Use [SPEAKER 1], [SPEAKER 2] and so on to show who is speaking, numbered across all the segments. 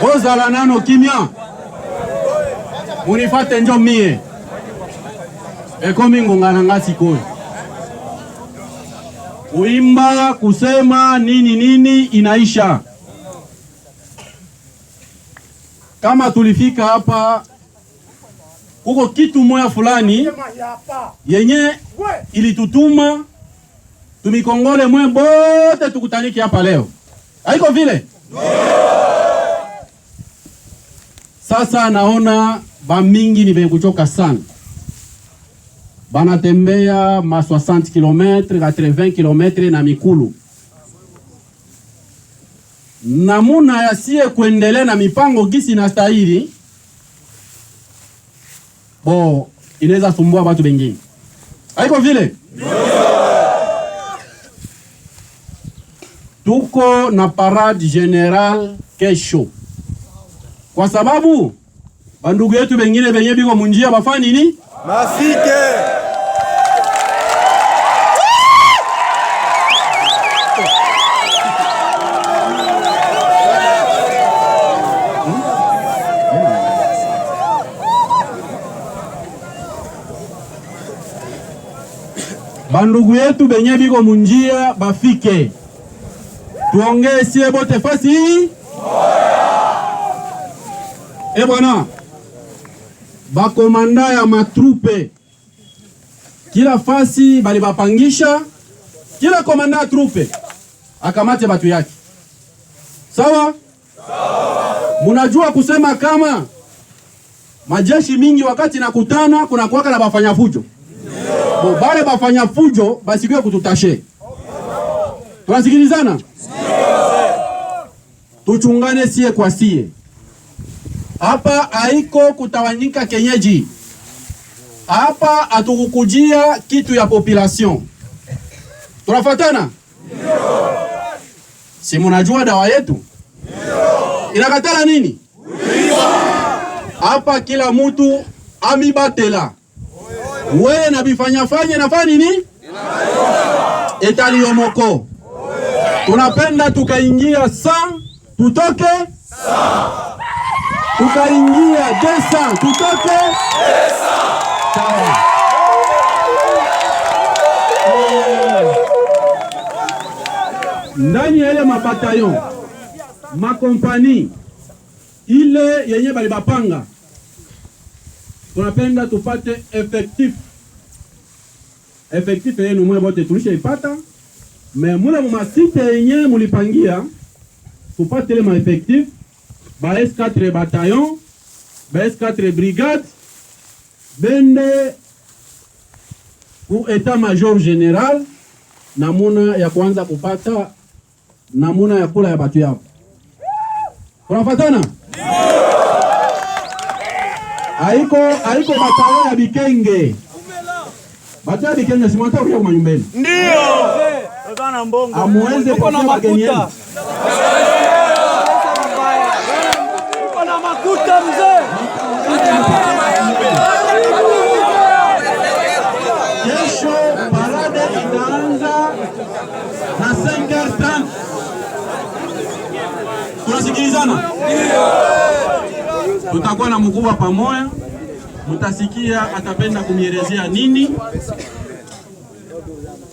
[SPEAKER 1] bozala nano kimia munifate njo mie ekomi ngonga na nga sikoyo kuimba kusema nini nini inaisha. Kama tulifika hapa, kuko kitu moya fulani yenye ilitutuma tumikongole mwe bote tukutaniki hapa leo, haiko vile? Sasa naona bamingi ni bekuchoka sana, banatembea ma 60 km 80 km na mikulu namuna yasiye kuendelea na mipango gisi na stahili bo inaweza sumbua watu wengine, haiko vile tuko na parade general kesho kwa sababu bandugu yetu bengine benye biko munjia bafaa nini
[SPEAKER 2] mafike
[SPEAKER 1] bandugu yetu benye biko munjia bafike, tuongee sie bote fasi hii. Eh bwana, bakomanda ya matrupe kila fasi bali bapangisha, kila komanda ya trupe akamate batu yake. Sawa, Munajua kusema kama majeshi mingi wakati nakutana kuna kuwaka na bafanya fujo yeah. Bale bafanya fujo basikiwe kututashe yeah. Tunasikilizana yeah. Tuchungane sie kwa sie hapa haiko kutawanyika kenyeji, hapa atukukujia kitu ya population. Tunafatana? Ndio. Si munajua dawa yetu? Ndio. Inakatala nini? Hapa kila mutu amibatela weye nabifanyafanye nafaa etali yomoko Tunapenda tukaingia sa tutoke saa tukaingia Desa, tutoke Desa. Sawa. Ndani ya ile mabatayon makompani ile yenye bali tunapenda tupate efektif efektif yenu mule bote tulishaipata, me mule mumasite yenye mulipangia tupate ile maefektif ba S4 bataillon ba S4 brigade bende ku état major général, namuna ya kwanza kupata namuna ya kula ya batu yao. Tunafatana aiko aiko batalo ya Bikenge, batu ya Bikenge simwatakuya kumanyumbeni, ndio amuweze bageni yenu na tunasikilizana, tutakuwa na mkubwa pamoja, mutasikia atapenda kumielezea nini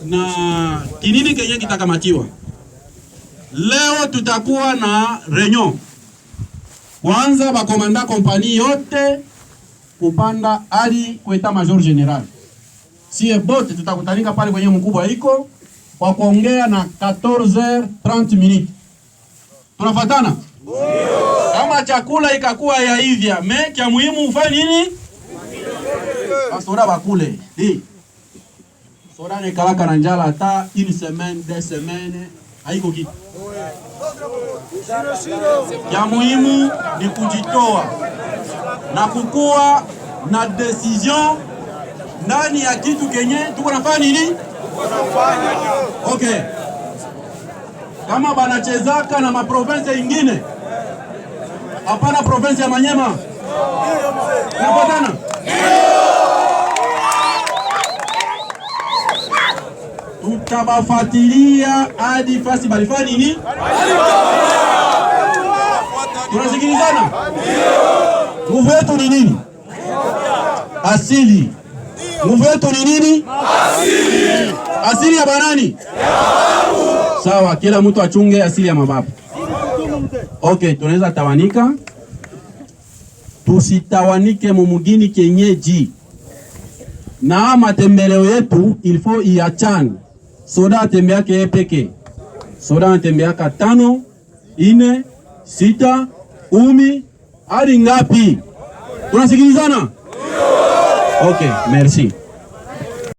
[SPEAKER 1] na kinini kenye kitakamatiwa. Leo tutakuwa na renyo kwanza, bakomanda kompani yote kupanda hadi kweta major general, sie bote tutakutanika pale kwenye mkubwa iko kwa kuongea na 14h30 minutes. Tunafatana? Kama chakula ikakuwa ya hivya me kya muhimu ufanye nini? Basoda bakule. Di. Soda ne na njala hata une semaine, deux semaines haiko kitu. Ya muhimu ni kujitoa na kukuwa na decision ndani ya kitu kenye tuko nafanya nini? Okay, kama banachezaka na maprovence ingine, hapana provense ya Manyema napatana tutabafatilia hadi fasi balifanya nini. Tunasikilizana, nguvu yetu ni nini? Asili. Nguvu yetu ni nini? Asili. Asili ya banani? Sawa, kila mtu achunge asili ya mababu. Okay, tunaweza tawanika, tusitawanike mumugini kienyeji na matembeleo yetu ilfo iachan Soda atembeaka ye peke, soda atembeaka tano ine sita umi hadi ngapi? Tunasikilizana? Ok, merci.